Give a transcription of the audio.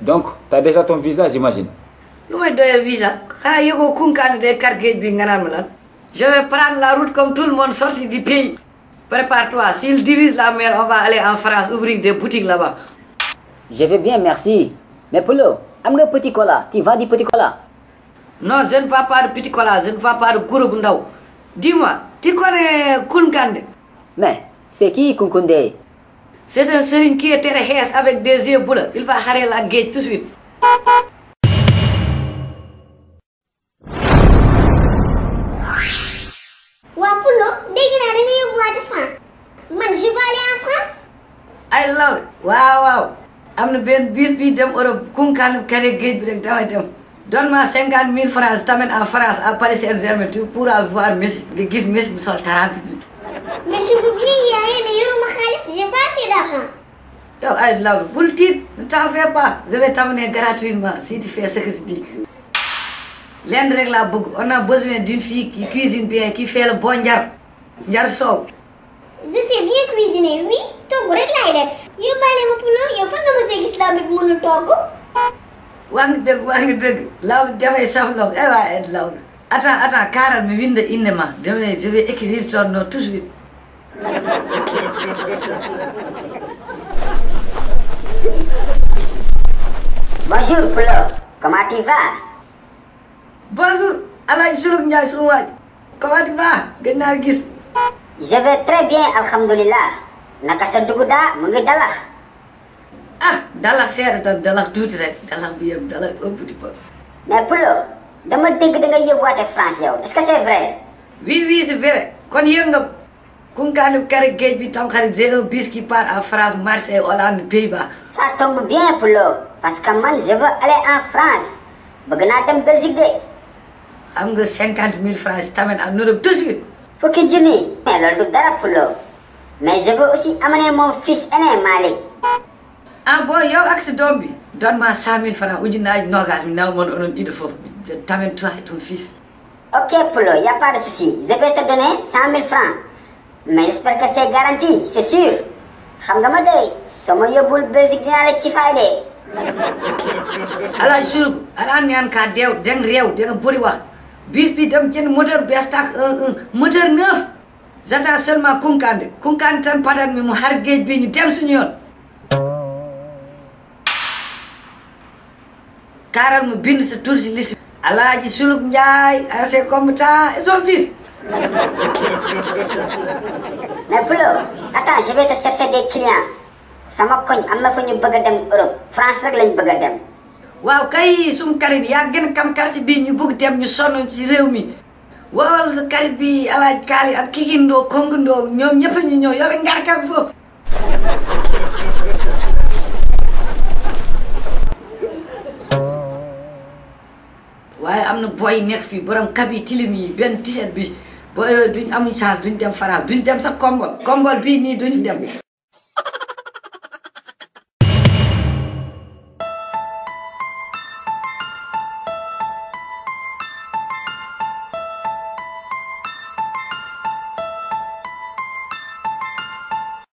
Donc, tu as déjà ton visa, j'imagine Je vais prendre la route comme tout le monde sorti du pays. Prépare-toi, s'il divise la mer, on va aller en France ouvrir des boutiques là-bas. Je vais bien, merci. Mais Polo, un petit cola, tu vas du petit cola Non, je ne vais pas de petit cola, je ne vais pas de Gurubundao. Dis-moi, tu connais Kunkande Mais, c'est qui Kunkande C'est un serigne qui est très xees avec des yeux bleus il va xaree géej tout de waa Poulo dégg naa da nga yóbbuwaat France man je vais France. I love it waaw am na benn bis bi dem Europe kunkaan kare géej bi rek damay dem donne ma cinquante mille france t'amène en France à Paris Saint-Germain tu pourras voir Messi nga gis Messi mu sol 30 bi. mais je sorti d'argent. yow Ayib Law bul tiit ne t'en fais pas je vais t'amener gratuitement si tu fais ce que je dis. rek laa bëgg on a besoin d'une fille qui cuisine bien qui fait le bon njar njar soow. je sais bien cuisiner oui togg rek laay def. yóbbaale ma puloo yow fan nga ma see gis laaw bi mënul togg. waa ngi dëgg waa ngi dëgg laaw bi dafay saf lool eh waa Ayib Law. attends attends kaaral mi wind indi ma dama je vais ton nom tout de Bonjour, Flo. Comment tu vas Bonjour, semua, Comment tu vas, Genargis Je vais très bien, Alhamdulillah. Nakasaduguda, mengedalah. Ah, dalah seer, dan dalah doet rek. Dalach biam, dalach un petit peu. Mais Plo, dama dégg da nga yëg waate France yow. Est-ce que c'est vrai Oui, oui, c'est vrai. Kon yëg nga Kounkanou Karagej bi Tamxarit j'ai un bus qui part en France Marseille Hollande Pays-Bas. ça tombe bien Poulo parce que man je veux en France bëgg naa dem Belgique de. am nga cinquante mille francs si tamit en Europe tout de suite. fukki du dara Poulo mais je veux aussi amener mon fils aîné Malick. ah ak si doom bi. donne ma cent mille francs uji naa noogaas mi naa mën onoon ido foofu tamit toi et ton fils. ok Poulo y a pas de souci je vais mille francs. mais j'espère que garanti c'est sûr xam nga ma dee soo ma yóbbul Belgique dinaa la ci fay dee. alaaji surug alaan ñaan kaa deew deng réew danga bëri wax bis bi dem jënd moteur bees tàkk euh, euh, moteur neuf j'attends seulement kunkande kunkande tan padan mi mu xar géej bi ñu dem suñu yoon kaaral mu bind sa tur si liste alaaji surug njaay assez compétent et son fils mais Pullo attends je vais te chercher des clients sama koñ am na fa ñu bëgg a dem Europe France rek lañ bëgg a dem. waaw kay sum karit yaa gën a kam quartier bii ñu bëgg dem ñu sonn ci réew mi wowal sa karit bi alaaj kaali ak kikindoo kongindoo ñoom ñëpp ñu ñëw yow ngar kam foofu. waaye am na boy nekk fii borom kab tilim yi benn tiset bi. ba euh, duñ amuñ chance duñ dem France duñ dem sax Kongol Kongol bii nii duñ dem.